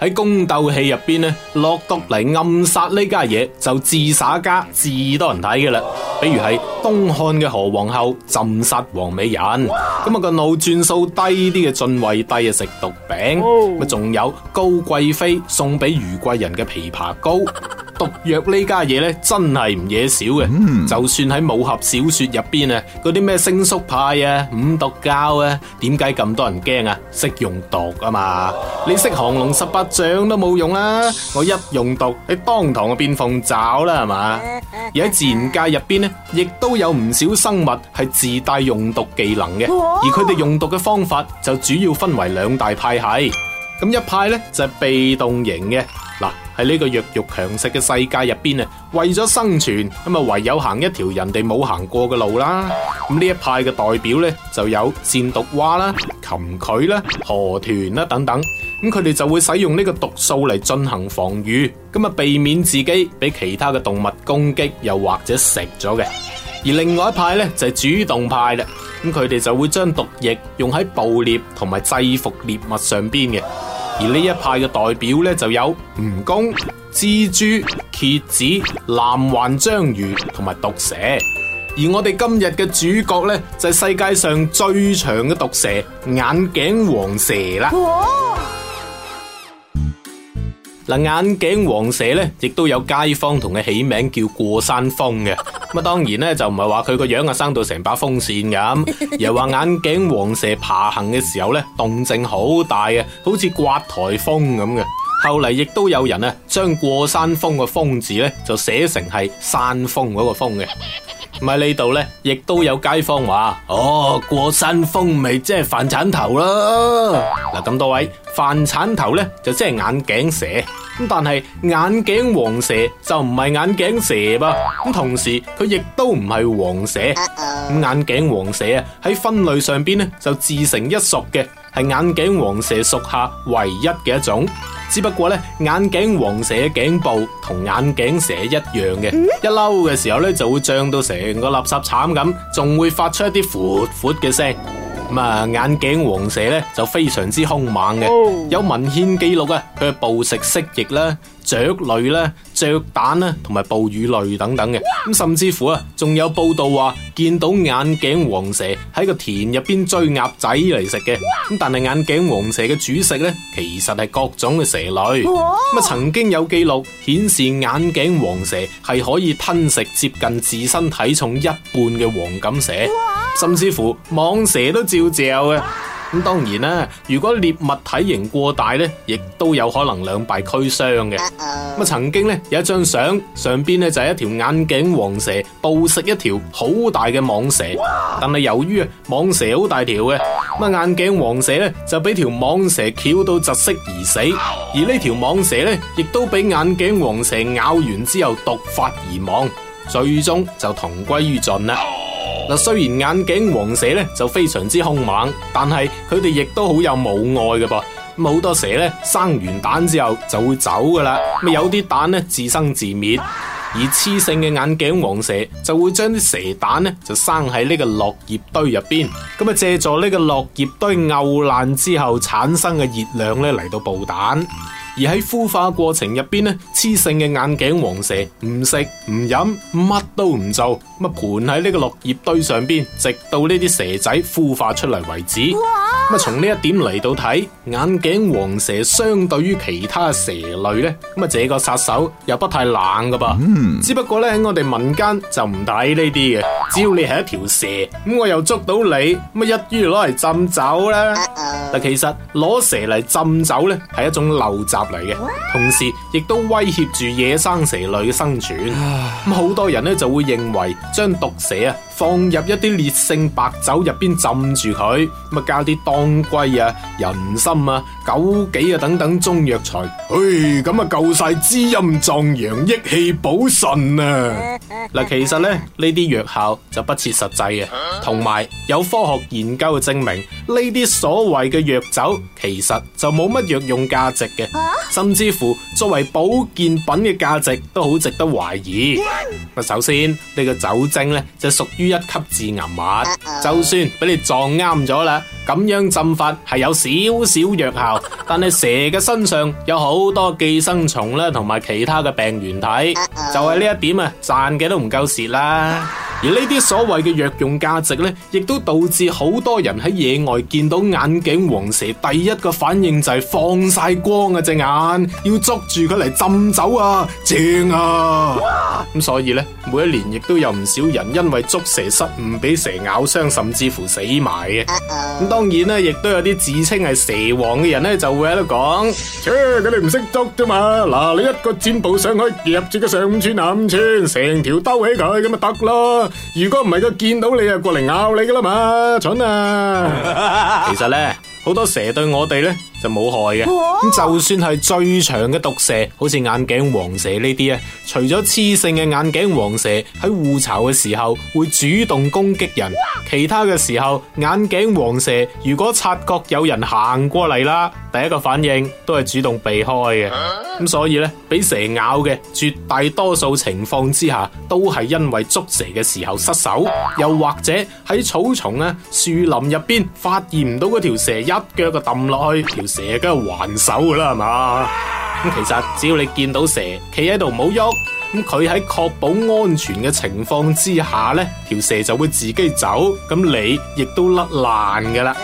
喺宮鬥戲入邊呢，落毒嚟暗殺呢家嘢，就自耍家至多人睇嘅啦。比如係東漢嘅何皇后，浸殺王美人。咁啊個腦轉數低啲嘅晉位低啊食毒餅，咪仲有高貴妃送俾虞貴人嘅琵琶糕。毒藥呢家嘢呢，真係唔嘢少嘅。Mm hmm. 就算喺武俠小說入邊啊，嗰啲咩星宿派啊、五毒教啊，點解咁多人驚啊？識用毒啊嘛，你識降龍十八掌都冇用啦，啊！我一用毒，你當堂就變鳳爪啦，係嘛？而喺自然界入邊呢，亦都有唔少生物係自帶用毒技能嘅，而佢哋用毒嘅方法就主要分為兩大派系。咁一派呢，就係、是、被動型嘅。喺呢個弱肉強食嘅世界入邊啊，為咗生存，咁啊唯有行一條人哋冇行過嘅路啦。咁呢一派嘅代表呢，就有箭毒蛙啦、蠄蟝啦、河豚啦等等。咁佢哋就會使用呢個毒素嚟進行防禦，咁啊避免自己俾其他嘅動物攻擊又或者食咗嘅。而另外一派呢，就係主動派啦。咁佢哋就會將毒液用喺捕獵同埋制服獵物上邊嘅。而呢一派嘅代表呢，就有蜈蚣、蜘蛛、蠍子、藍環章魚同埋毒蛇。而我哋今日嘅主角呢，就係世界上最長嘅毒蛇——眼鏡王蛇啦。嗱哇，眼鏡王蛇呢，亦都有街坊同佢起名叫過山峰嘅。咁當然咧，就唔係話佢個樣啊生到成把風扇咁，又話眼鏡王蛇爬行嘅時候咧動靜好大呀，好似刮颱風咁嘅。後嚟亦都有人咧將過山風嘅風字咧就寫成係山峰嗰個峰嘅。唔係呢度咧，亦都有街坊話哦，過山風咪即係飯鏟頭囉。嗱，咁多位飯鏟頭咧就即係眼鏡蛇。但係眼鏡王蛇就唔係眼鏡蛇噃，咁同時佢亦都唔係王蛇。咁、uh oh. 眼鏡王蛇啊，喺分類上邊咧就自成一屬嘅，係眼鏡王蛇屬下唯一嘅一種。只不過咧，眼鏡王蛇嘅頸部同眼鏡蛇一樣嘅，一嬲嘅時候咧就會脹到成個垃圾鏟咁，仲會發出一啲闊闊嘅聲。眼鏡王蛇就非常之兇猛、oh. 有文獻記錄啊，佢暴食蜥蜴、雀類咧、雀蛋咧，同埋哺乳類等等嘅，咁甚至乎啊，仲有報道話見到眼鏡王蛇喺個田入邊追鴨仔嚟食嘅，咁但係眼鏡王蛇嘅主食咧，其實係各種嘅蛇類，咁啊哇曾經有記錄顯示眼鏡王蛇係可以吞食接近自身體重一半嘅黃金蛇，甚至乎蟒蛇都照嚼啊！咁當然啦，如果獵物體型過大咧，亦都有可能兩敗俱傷嘅。咁、uh oh. 曾經咧有一張相，上邊咧就係一條眼鏡王蛇捕食一條好大嘅蟒蛇，Wow. 但係由於啊蟒蛇好大條嘅，咁眼鏡王蛇咧就俾條蟒蛇絞到窒息而死，而呢條蟒蛇咧亦都俾眼鏡王蛇咬完之後毒發而亡，最終就同歸於盡啦。嗱，雖然眼鏡王蛇咧就非常之凶猛，但係佢哋亦都好有母愛嘅噃。咁好多蛇咧生完蛋之後就會走噶啦，咁有啲蛋咧自生自滅，而雌性嘅眼鏡王蛇就會將啲蛇蛋咧就生喺呢個落葉堆入邊，咁啊借助呢個落葉堆漚爛之後產生嘅熱量咧嚟到孵蛋。而喺孵化過程入邊呢，雌性嘅眼鏡王蛇唔食唔飲，乜都唔做，咁啊盤喺呢個綠葉堆上邊，直到呢啲蛇仔孵化出嚟為止。咁啊哇，從呢一點嚟到睇，眼鏡王蛇相對於其他蛇類呢，咁啊，這個殺手又不太冷噶噃。嗯、只不過呢，喺我哋民間就唔睇呢啲嘅，只要你係一條蛇，咁我又捉到你，咁啊一於攞嚟浸酒啦。呃呃但其實攞蛇嚟浸酒呢，係一種陋習。同時亦都威脅住野生蛇類嘅生存。咁好唉多人就會認為將毒蛇放入一啲烈性白酒入邊浸住佢，咁加啲當歸啊、人參啊、枸杞啊等等中藥材，唉，咁啊夠晒滋陰壯陽、益氣補腎啊！嗱， 其實咧呢啲藥效就不切實際嘅，同埋有，有科學研究嘅證明，呢啲所謂嘅藥酒其實就冇乜藥用價值嘅，甚至乎作為保健品嘅價值都好值得懷疑。嗱， 首先呢、呢個酒精咧就屬於。一級致癌物，uh oh. 就算俾你撞啱咗啦，咁樣浸法係有少少藥效， 但係蛇嘅身上有好多寄生蟲啦，同埋其他嘅病原體，uh oh. 就係呢一點啊，賺嘅都唔夠蝕啦。Uh oh. 而呢啲所謂嘅藥用價值呢，亦都導致好多人喺野外見到眼鏡王蛇，第一個反應就係放晒光啊隻眼，要捉住佢嚟浸酒啊，正啊！咁哇所以呢，每一年亦都有唔少人因為捉蛇失誤俾蛇咬傷，甚至乎死埋嘅。咁、嗯嗯、當然呢，亦都有啲自稱係蛇王嘅人呢，就會喺度講：切、呃，佢哋唔識捉啫嘛！嗱，你一個箭步上去夾住佢上五寸、下五寸，成條兜起佢，咁咪得咯！如果唔係佢見到你啊，就是、過嚟咬你噶啦嘛，蠢啊！其實咧，好多蛇對我哋咧就冇害嘅。咁 就算係最長嘅毒蛇，好似眼鏡王蛇呢啲啊，除咗雌性嘅眼鏡王蛇喺護巢嘅時候會主動攻擊人，其他嘅時候眼鏡王蛇如果察覺有人行過嚟啦，第一個反應都係主動避開嘅，咁、啊、所以咧，俾蛇咬嘅絕大多數情況之下，都係因為捉蛇嘅時候失手，又或者喺草叢啊、樹林入邊發現唔到嗰條蛇，一腳就抌落去，條、啊、蛇梗係還手噶啦，係嘛？咁、啊、其實只要你見到蛇，企喺度唔好喐，咁佢喺確保安全嘅情況之下咧，條蛇就會自己走，咁你亦都甩爛噶啦。